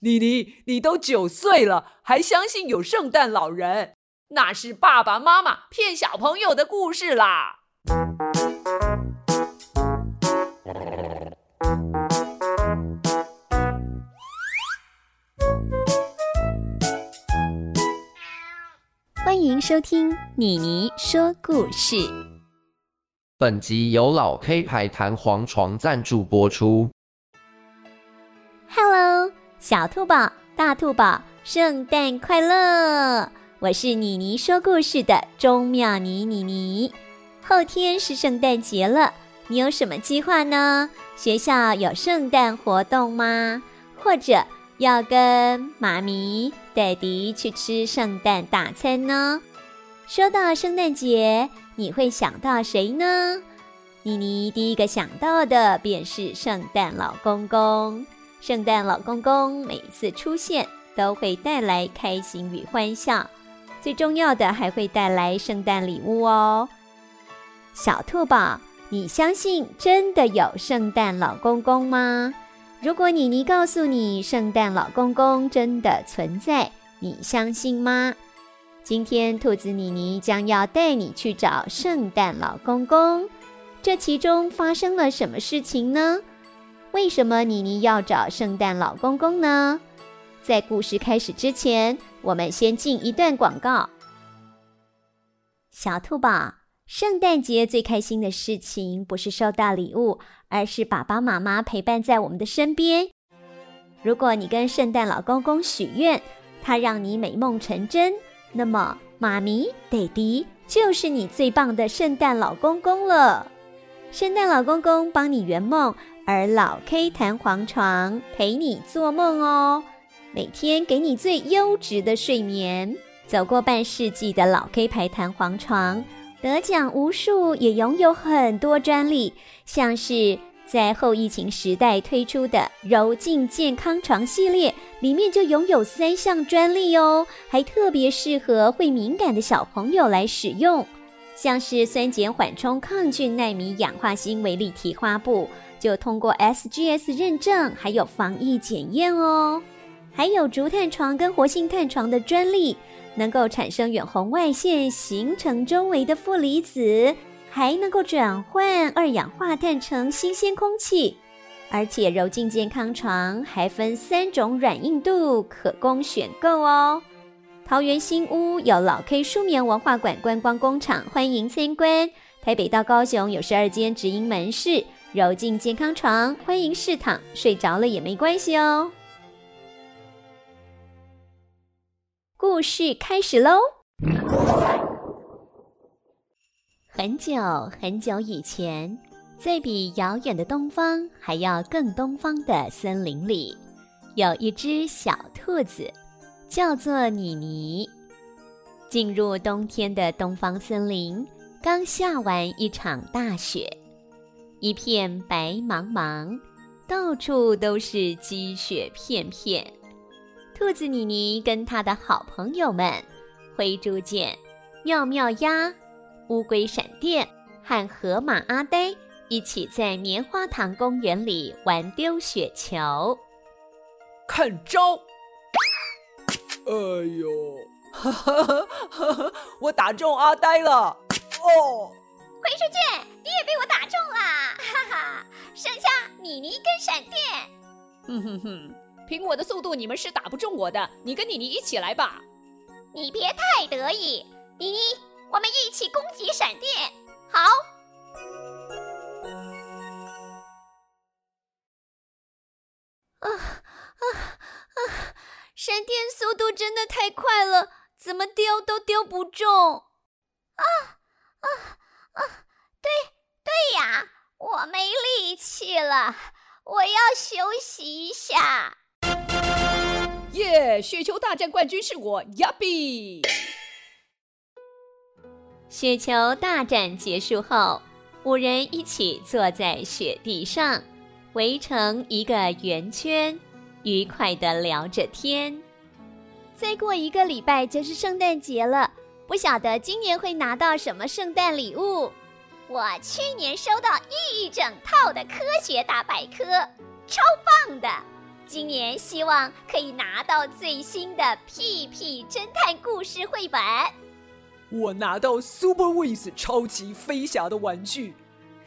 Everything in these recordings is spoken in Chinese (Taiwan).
妮妮，你都九歲了，還相信有聖誕老人？那是爸爸媽媽騙小朋友的故事啦。歡迎收聽妮妮說故事。本集由老 K 牌彈簧床贊助播出。小兔寶，大兔寶，聖誕快樂！我是妮妮說故事的鍾妙妮妮妮。後天是聖誕節了，你有什麼計劃呢？學校有聖誕活動嗎？或者要跟媽咪、爹地去吃聖誕大餐呢？說到聖誕節，你會想到誰呢？妮妮第一個想到的便是聖誕老公公。聖誕老公公每次出現都會帶來開心與歡笑，最重要的還會帶來聖誕禮物哦。小兔寶，你相信真的有聖誕老公公嗎？如果妮妮告訴你聖誕老公公真的存在，你相信嗎？今天兔子妮妮將要帶你去找聖誕老公公，這其中發生了什麼事情呢？為什麼妮妮要找聖誕老公公呢？在故事開始之前，我們先進一段廣告。小兔寶，聖誕節最開心的事情不是收到禮物，而是爸爸媽媽陪伴在我們的身邊。如果你跟聖誕老公公許願，他讓你美夢成真，那麼媽咪、爹地就是你最棒的聖誕老公公了。聖誕老公公幫你圓夢。而老 K 彈簧床陪你做夢哦，每天給你最優質的睡眠。走過半世紀的老 K 牌彈簧床，得獎無數，也擁有很多專利。像是在後疫情時代推出的柔淨健康床系列，裡面就擁有三項專利哦，還特別適合會敏感的小朋友來使用。像是酸鹼緩衝、抗菌、奈米氧化鋅為立體花布，就通過 SGS 認證，還有防疫檢驗哦，還有竹炭床跟活性炭床的專利，能夠產生遠紅外線，形成周圍的負離子，還能夠轉換二氧化碳成新鮮空氣。而且柔淨健康床還分三種軟硬度，可供選購哦。桃園新屋有老 K 舒眠文化館觀光工廠，歡迎參觀。台北到高雄有十二間直營門市。揉進健康床，歡迎試躺，睡着了也沒關係哦。故事開始嘍！很久很久以前，在比遙遠的東方還要更東方的森林裡，有一隻小兔子，叫做妮妮。進入冬天的東方森林，剛下完一場大雪。一片白茫茫，到處都是積雪片片。兔子妮妮跟他的好朋友們灰豬見，妙妙鴨、烏龜閃電和河馬阿呆一起在棉花糖公園裡玩丟雪球。看招！哎呦，呵呵呵呵，我打中阿呆了！哦。飛出去！你也被我打中了，哈哈！剩下妮妮跟閃電，哼哼哼！憑我的速度，你們是打不中我的。你跟妮妮一起來吧。你別太得意，妮妮，我們一起攻擊閃電。好。啊啊啊！閃電速度真的太快了，怎麼丟都丟不中。啊啊！啊、哦，對對呀，我沒力氣了，我要休息一下。耶、yeah，雪球大戰冠軍是我，耶比！雪球大戰結束後，五人一起坐在雪地上，圍成一個圓圈，愉快的聊着天。再過一個禮拜就是聖誕節了。不曉得今年會拿到什麼聖誕禮物。我去年收到一整套的科學大百科，超棒的。今年希望可以拿到最新的《屁屁偵探故事》繪本。我拿到 Super Wings 超級飛俠的玩具，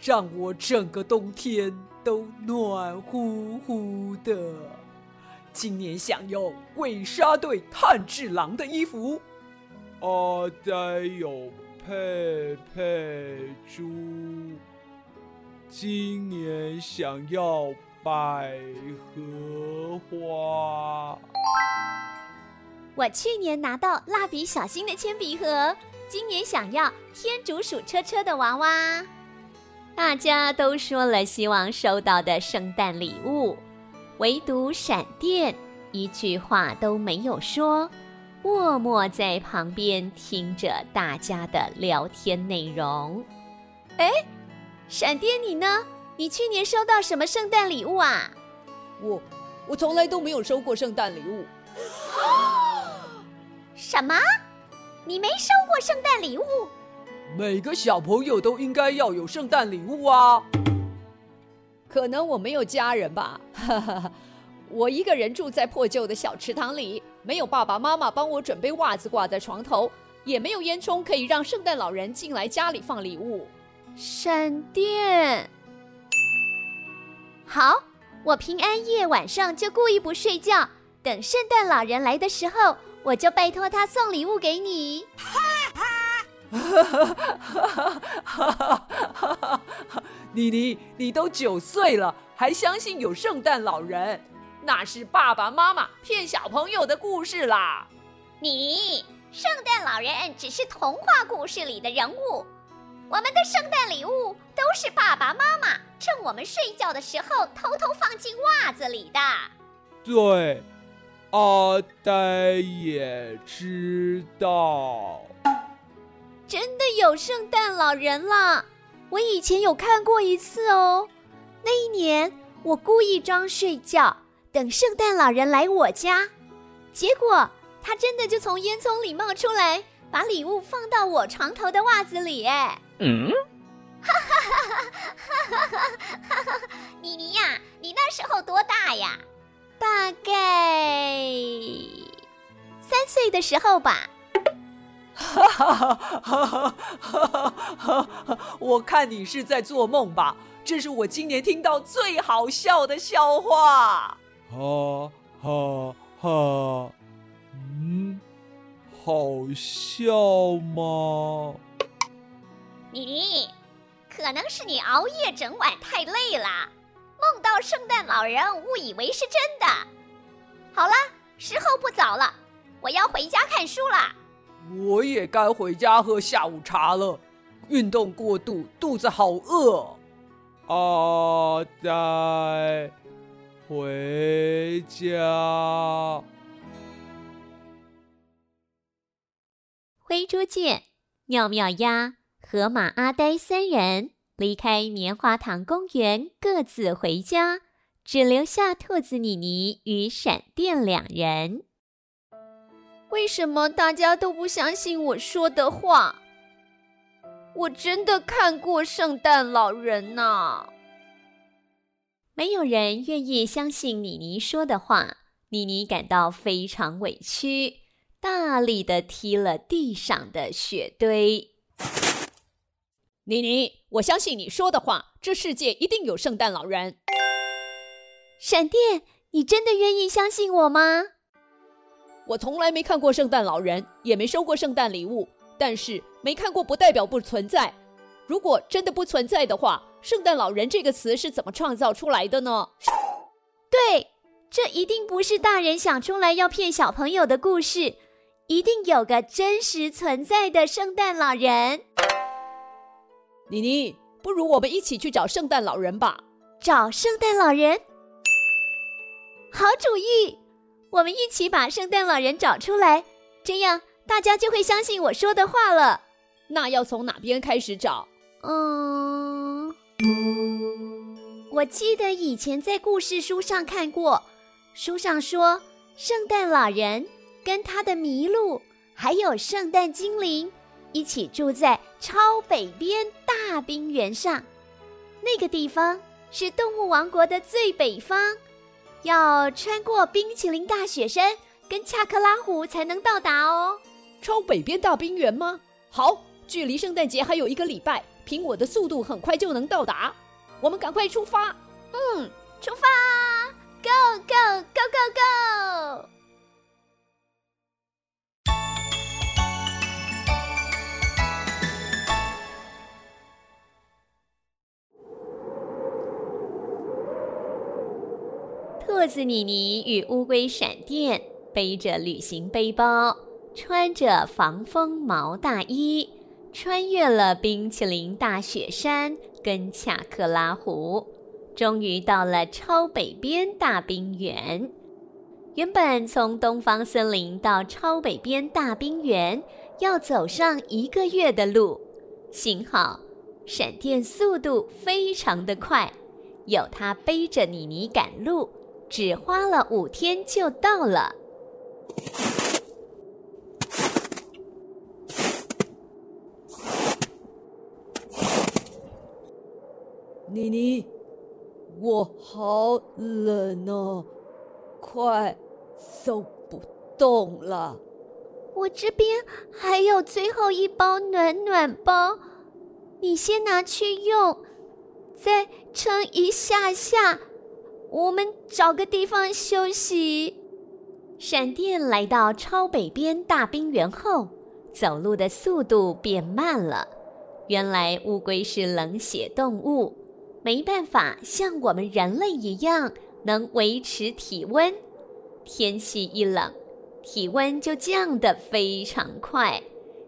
讓我整個冬天都暖乎乎的。今年想要《鬼殺隊》炭治郎的衣服。阿呆有佩佩豬，今年想要百合花。我去年拿到蠟筆小新的鉛筆盒，今年想要天竺鼠車車的娃娃。大家都說了希望收到的聖誕禮物，唯獨閃電一句話都沒有說。默默在旁邊聽着大家的聊天內容。哎，閃電，你呢？你去年收到什麼聖誕禮物啊？我，我從來都沒有收過聖誕禮物。什麼？你沒收過聖誕禮物？每個小朋友都應該要有聖誕禮物啊。可能我沒有家人吧，哈哈哈，我一個人住在破舊的小池塘裡。沒有爸爸媽媽幫我準備襪子掛在床頭，也沒有煙囪可以讓聖誕老人進來家裡放禮物。閃電，好，我平安夜晚上就故意不睡覺，等聖誕老人來的時候，我就拜托他送禮物給你。哈 哈， 哈哈哈哈哈哈！妮妮，你都九歲了，還相信有聖誕老人？那是爸爸媽媽騙小朋友的故事啦。你，聖誕老人只是童話故事裡的人物。我們的聖誕禮物都是爸爸媽媽趁我們睡覺的時候偷偷放進襪子裡的。對，阿呆也知道。真的有聖誕老人啦。我以前有看過一次哦。那一年，我故意裝睡覺，等聖誕老人來我家，結果他真的就從煙囪裡冒出來，把禮物放到我床頭的襪子裡。嗯，哈哈哈哈哈！哈哈！妮妮呀，你那時候多大呀？大概三歲的時候吧。哈哈哈哈哈！我看你是在做夢吧？這是我今年聽到最好笑的笑話。哈哈哈，嗯，好笑嗎？你可能，是你熬夜整晚太累了，夢到聖誕老人誤以為是真的。好了，時候不早了，我要回家看書了。我也該回家喝下午茶了，運動過度，肚子好餓。啊，在。回家。灰豬、界妙妙鴨、河馬阿呆三人離開棉花糖公園，各自回家，只留下兔子妮妮與閃電兩人。為什麼大家都不相信我說的話？我真的看過聖誕老人吶、啊！沒有人願意相信妮妮說的話，妮妮感到非常委屈，大力地踢了地上的雪堆。妮妮，我相信你說的話，這世界一定有聖誕老人。閃電，你真的願意相信我嗎？我從來沒看過聖誕老人，也沒收過聖誕禮物，但是沒看過不代表不存在。如果真的不存在的話，聖誕老人這個詞是怎麼創造出來的呢？對，這一定不是大人想出來要騙小朋友的故事，一定有個真實存在的聖誕老人。妮妮，不如我們一起去找聖誕老人吧？找聖誕老人？好主意，我們一起把聖誕老人找出來，這樣大家就會相信我說的話了。那要從哪邊開始找？嗯。我記得以前在故事書上看過，書上說聖誕老人跟他的麋鹿還有聖誕精靈一起住在超北邊大冰原上。那個地方是動物王國的最北方，要穿過冰淇淋大雪山跟恰克拉湖才能到達哦。超北邊大冰原嗎？好，距離聖誕節還有一個禮拜。憑我的速度，很快就能到達。我們趕快出發！嗯，出發！Go go go go go。兔子妮妮與烏龜閃電背着旅行背包，穿着防風毛大衣。穿越了冰淇淋大雪山跟恰克拉湖，終於到了超北邊大冰原。原本從東方森林到超北邊大冰原要走上一個月的路，幸好閃電速度非常的快，有他背着妮妮趕路，只花了五天就到了。妮妮，我好冷哦，快走不動了。我這邊還有最後一包暖暖包，你先拿去用，再撐一下下，我們找個地方休息。閃電來到超北邊大冰原後，走路的速度變慢了。原來烏龜是冷血動物。沒辦法像我們人類一樣能維持體溫，天氣一冷，體溫就降得非常快，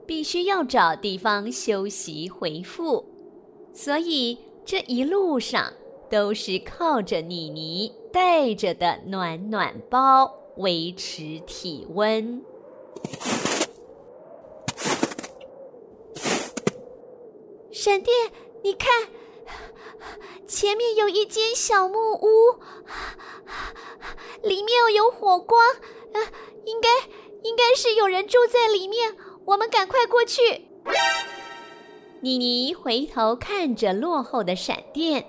必須要找地方休息回復。所以這一路上都是靠着妮妮帶着的暖暖包維持體溫。閃電，你看。前面有一間小木屋，裡面有火光，呃，應該應該是有人住在裡面。我們趕快過去。妮妮回頭看着落後的閃電，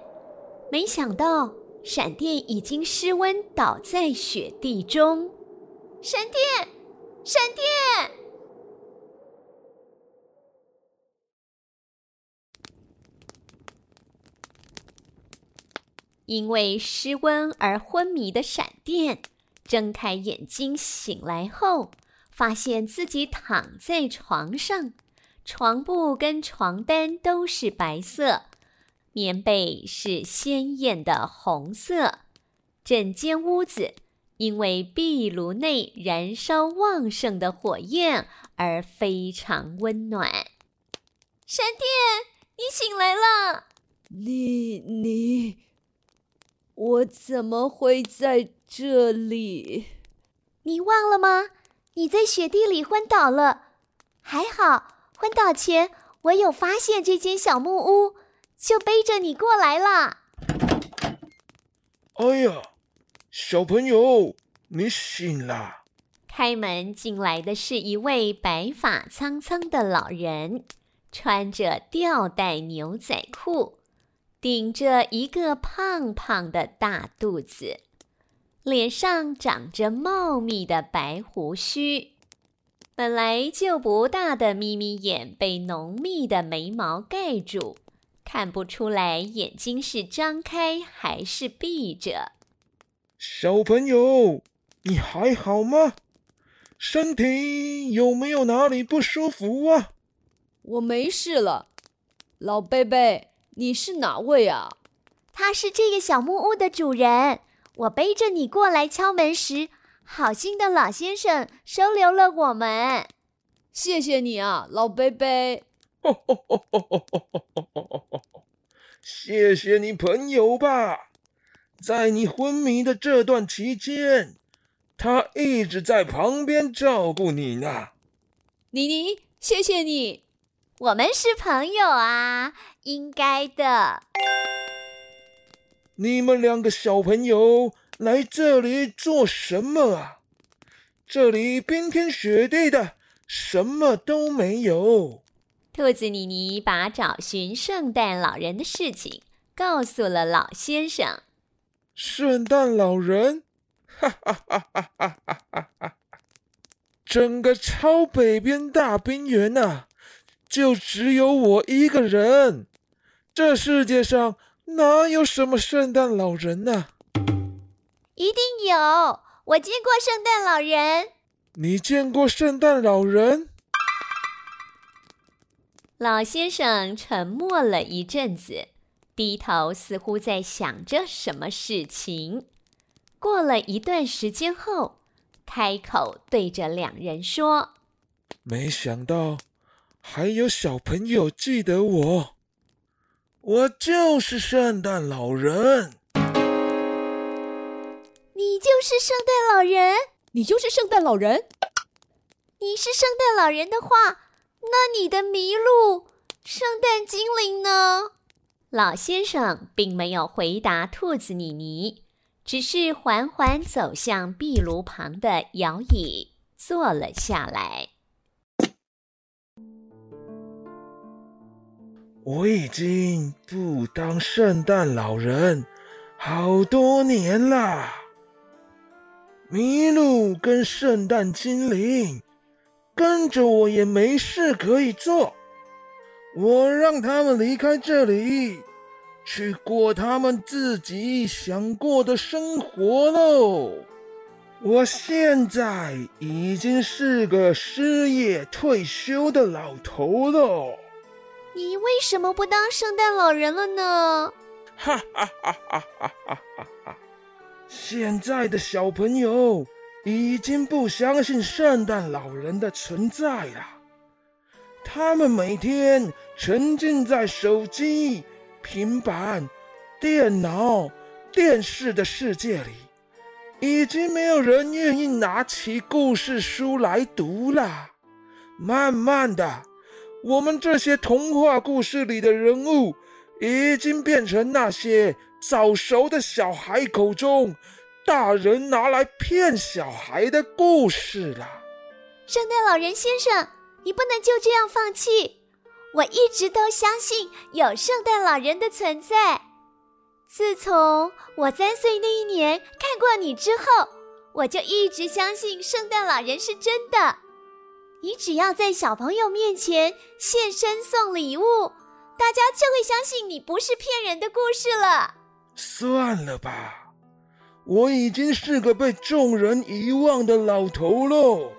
沒想到閃電已經失溫倒在雪地中。閃電，閃電！因為失溫而昏迷的閃電，睜開眼睛醒來後，發現自己躺在床上，床布跟床單都是白色，棉被是鮮豔的紅色，整間屋子因為壁爐內燃燒旺盛的火焰而非常溫暖。閃電，你醒來了？你你。我怎麼會在這裡？你忘了嗎？你在雪地裡昏倒了，還好昏倒前我有發現這間小木屋，就背着你過來了。哎呀，小朋友，你醒了！開門進來的是一位白髮蒼蒼的老人，穿着吊帶牛仔褲。頂着一個胖胖的大肚子，臉上長着茂密的白鬍鬚，本來就不大的眯眯眼被濃密的眉毛蓋住，看不出來眼睛是張開還是閉着。小朋友，你還好嗎？身體有沒有哪裡不舒服啊？我沒事了，老貝貝。你是哪位啊？他是這個小木屋的主人。我背着你過來敲門時，好心的老先生收留了我們。謝謝你啊，老伯伯。 謝謝你朋友吧，在你昏迷的這段期間，他一直在旁邊照顧你呢。妮妮，謝謝你，我們是朋友啊。應該的。你們兩個小朋友來這裡做什麼啊？這裡冰天雪地的，什麼都沒有。兔子妮妮把找尋聖誕老人的事情告訴了老先生。聖誕老人，哈哈哈哈哈哈！整個超北邊大冰原吶啊，就只有我一個人。這世界上哪有什麼聖誕老人呢，啊？一定有，我見過聖誕老人。你見過聖誕老人？老先生沉默了一陣子，低頭似乎在想着什麼事情。過了一段時間後，開口對着兩人說：“沒想到還有小朋友記得我。”我就是聖誕老人。你就是聖誕老人？你就是聖誕老人？你是聖誕老人的話，那你的麋鹿、聖誕精靈呢？老先生並沒有回答兔子妮妮，只是緩緩走向壁爐旁的搖椅，坐了下來。我已經不當聖誕老人好多年了。麋鹿跟聖誕精靈跟着我也沒事可以做，我讓他們離開這裡，去過他們自己想過的生活嘍。我現在已經是個失業退休的老頭嘍。你為什麼不當聖誕老人了呢？哈哈哈哈哈！哈，現在的小朋友已經不相信聖誕老人的存在了。他們每天沉浸在手機、平板、電腦、電視的世界裡，已經沒有人願意拿起故事書來讀了。慢慢的。我們這些童話故事裡的人物，已經變成那些早熟的小孩口中，大人拿來騙小孩的故事了。聖誕老人先生，你不能就這樣放棄。我一直都相信有聖誕老人的存在。自從我三歲那一年看過你之後，我就一直相信聖誕老人是真的。你只要在小朋友面前現身送禮物，大家就會相信你不是騙人的故事了。算了吧，我已經是個被眾人遺忘的老頭嘍。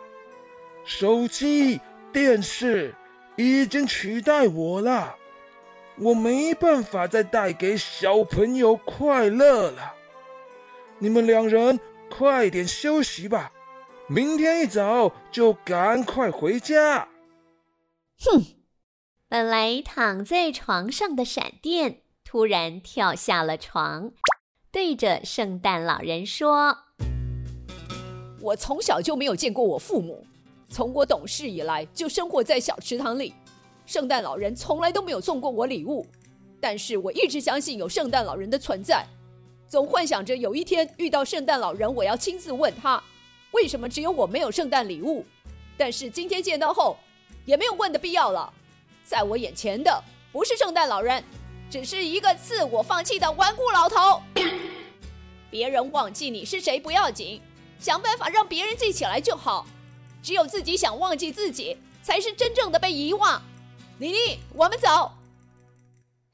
手機、電視已經取代我了，我沒辦法再帶給小朋友快樂了。你們兩人快點休息吧。明天一早就趕快回家。哼！本來躺在床上的閃電突然跳下了床，對着聖誕老人說：“我從小就沒有見過我父母，從我懂事以來就生活在小池塘裡。聖誕老人從來都沒有送過我禮物，但是我一直相信有聖誕老人的存在，總幻想着有一天遇到聖誕老人，我要親自問他。”為什麼只有我沒有聖誕禮物？但是今天見到後，也沒有問的必要了。在我眼前的不是聖誕老人，只是一個自我放棄的頑固老頭。別人忘記你是誰不要緊，想辦法讓別人記起來就好。只有自己想忘記自己，才是真正的被遺忘。妮妮，我們走。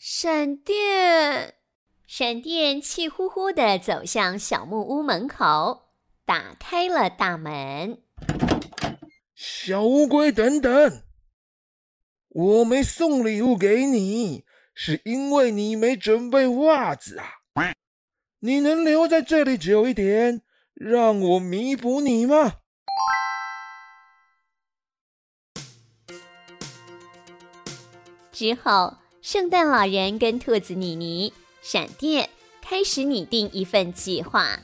閃電，閃電，氣呼呼的走向小木屋門口。打開了大門，小烏龜，等等！我沒送禮物給你，是因為你沒準備襪子啊！你能留在這裡久一點，讓我彌補你嗎？之後，聖誕老人跟兔子妮妮、閃電開始擬定一份計劃。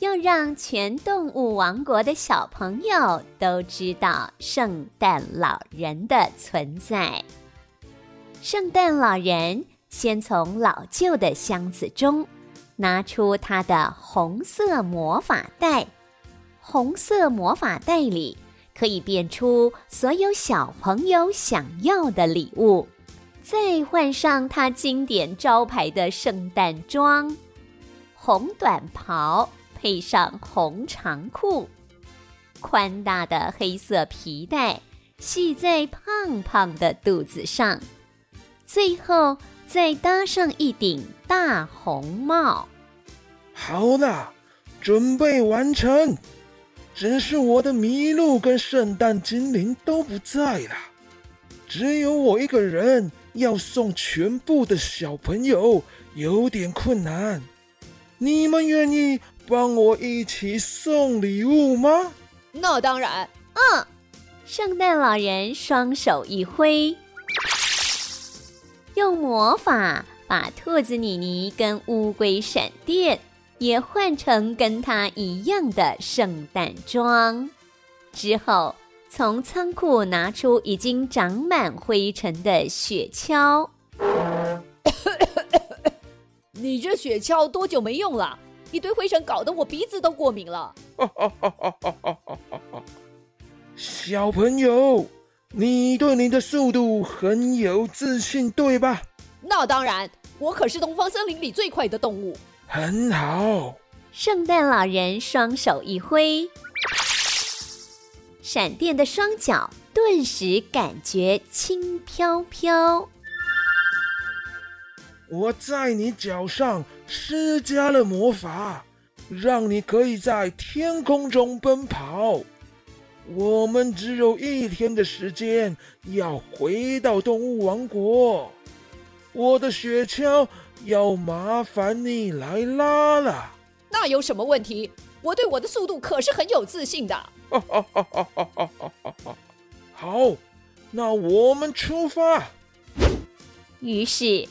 要讓全動物王國的小朋友都知道聖誕老人的存在。聖誕老人先從老舊的箱子中拿出他的紅色魔法袋，紅色魔法袋裡可以變出所有小朋友想要的禮物，再換上他經典招牌的聖誕裝——紅短袍。配上紅長褲，寬大的黑色皮帶繫在胖胖的肚子上，最後再搭上一頂大紅帽。好啦，準備完成。只是我的麋鹿跟聖誕精靈都不在了，只有我一個人要送全部的小朋友，有點困難。你們願意？幫我一起送禮物嗎？那當然，嗯。聖誕老人雙手一揮，用魔法把兔子妮妮跟烏龜閃電也換成跟他一樣的聖誕裝，之後從倉庫拿出已經長滿灰塵的雪橇。 你這雪橇多久沒用了？一堆灰塵搞得我鼻子都過敏了。 小朋友，你對你的速度很有自信，對吧？那當然，我可是東方森林裡最快的動物。很好。聖誕老人雙手一揮，閃電的雙腳頓時感覺輕飄飄。我在你腳上施加了魔法，讓你可以在天空中奔跑。我們只有一天的時間，要回到動物王國。我的雪橇要麻煩你來拉了。那有什麼問題？我對我的速度可是很有自信的。 好，那我們出發。於是。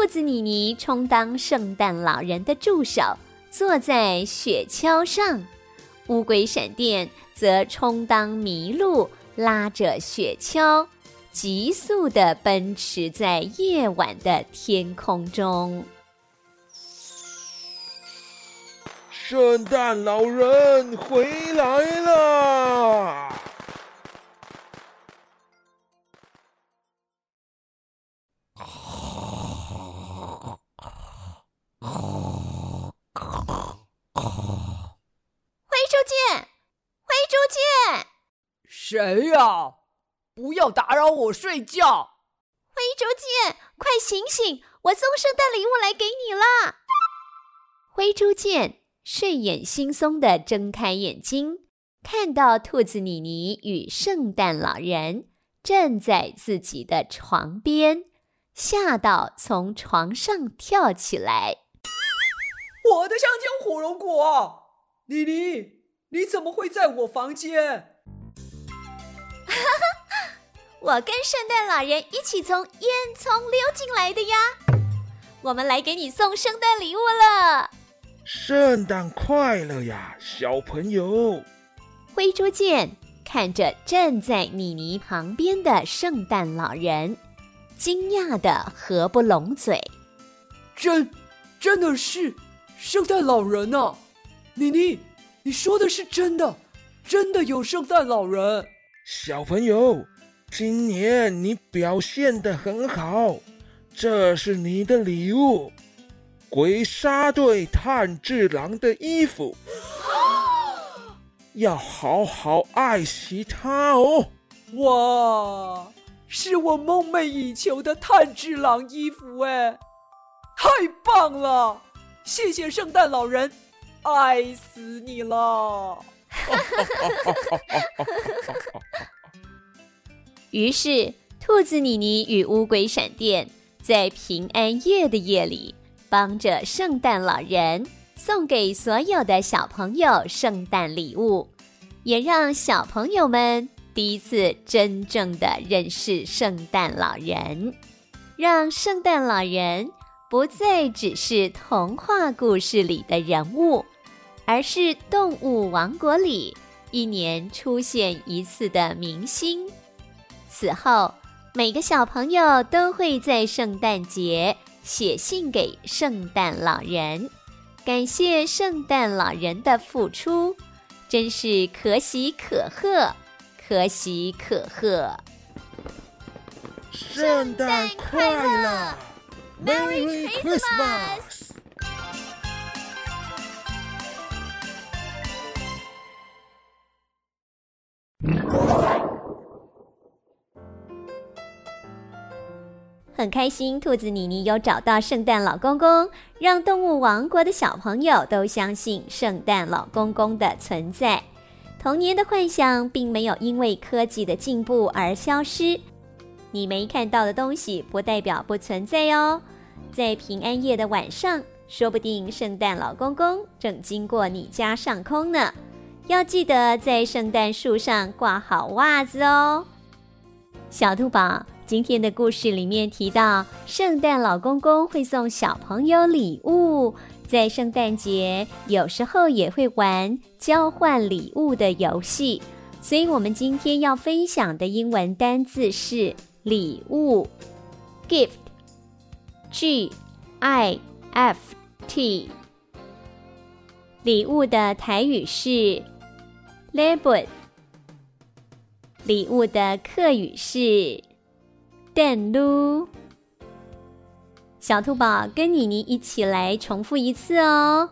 兔子妮妮充當聖誕老人的助手，坐在雪橇上；烏龜閃電則充當麋鹿，拉着雪橇，急速的奔馳在夜晚的天空中。聖誕老人回來了。灰豬姐，灰豬姐，誰呀？啊？不要打擾我睡覺！灰豬姐，快醒醒，我送聖誕禮物來給你了。灰豬姐睡眼惺忪地睜開眼睛，看到兔子妮妮與聖誕老人站在自己的床邊，嚇到從床上跳起來。我的香蕉火龍果，妮妮，你怎麼會在我房間？哈哈，我跟聖誕老人一起從煙囪溜進來的呀！我們來給你送聖誕禮物了。聖誕快樂呀，小朋友！灰豬見看着站在妮妮旁邊的聖誕老人，驚訝的合不攏嘴。真，真的是。聖誕老人吶、啊，妮妮，你說的是真的，真的有聖誕老人。小朋友，今年你表現得很好，這是你的禮物——鬼殺隊炭治郎的衣服， 要好好愛惜它哦。哇，是我夢寐以求的炭治郎衣服哎，太棒了！謝謝聖誕老人，愛死你了！ 於是，兔子妮妮與烏龜閃電在平安夜的夜裡，幫着聖誕老人送給所有的小朋友聖誕禮物，也讓小朋友們第一次真正的認識聖誕老人，讓聖誕老人。不再只是童話故事裡的人物，而是動物王國裡一年出現一次的明星。此後，每個小朋友都會在聖誕節寫信給聖誕老人，感謝聖誕老人的付出，真是可喜可賀，可喜可賀。聖誕快樂！Merry Christmas！很開心，兔子妮妮有找到聖誕老公公，讓動物王國的小朋友都相信聖誕老公公的存在。童年的幻想並沒有因為科技的進步而消失。你沒看到的東西不代表不存在哦，在平安夜的晚上，說不定聖誕老公公正經過你家上空呢。要記得在聖誕樹上掛好襪子哦。小兔寶，今天的故事裡面提到，聖誕老公公會送小朋友禮物，在聖誕節有時候也會玩交換禮物的遊戲。所以我們今天要分享的英文單字是。禮物，gift，G I F T。禮物的台語是，label。禮物的客語是，鄧嚕。小兔寶跟妮妮一起來重複一次哦，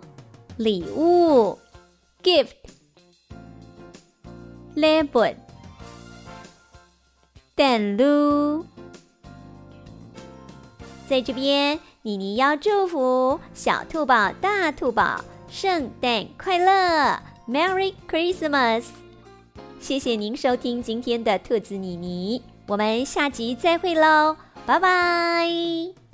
禮物，gift，label。Gift, 等嘍，在這邊，妮妮要祝福小兔寶、大兔寶，聖誕快樂！Merry Christmas！謝謝您收聽今天的兔子妮妮，我們下集再會嘍，拜拜。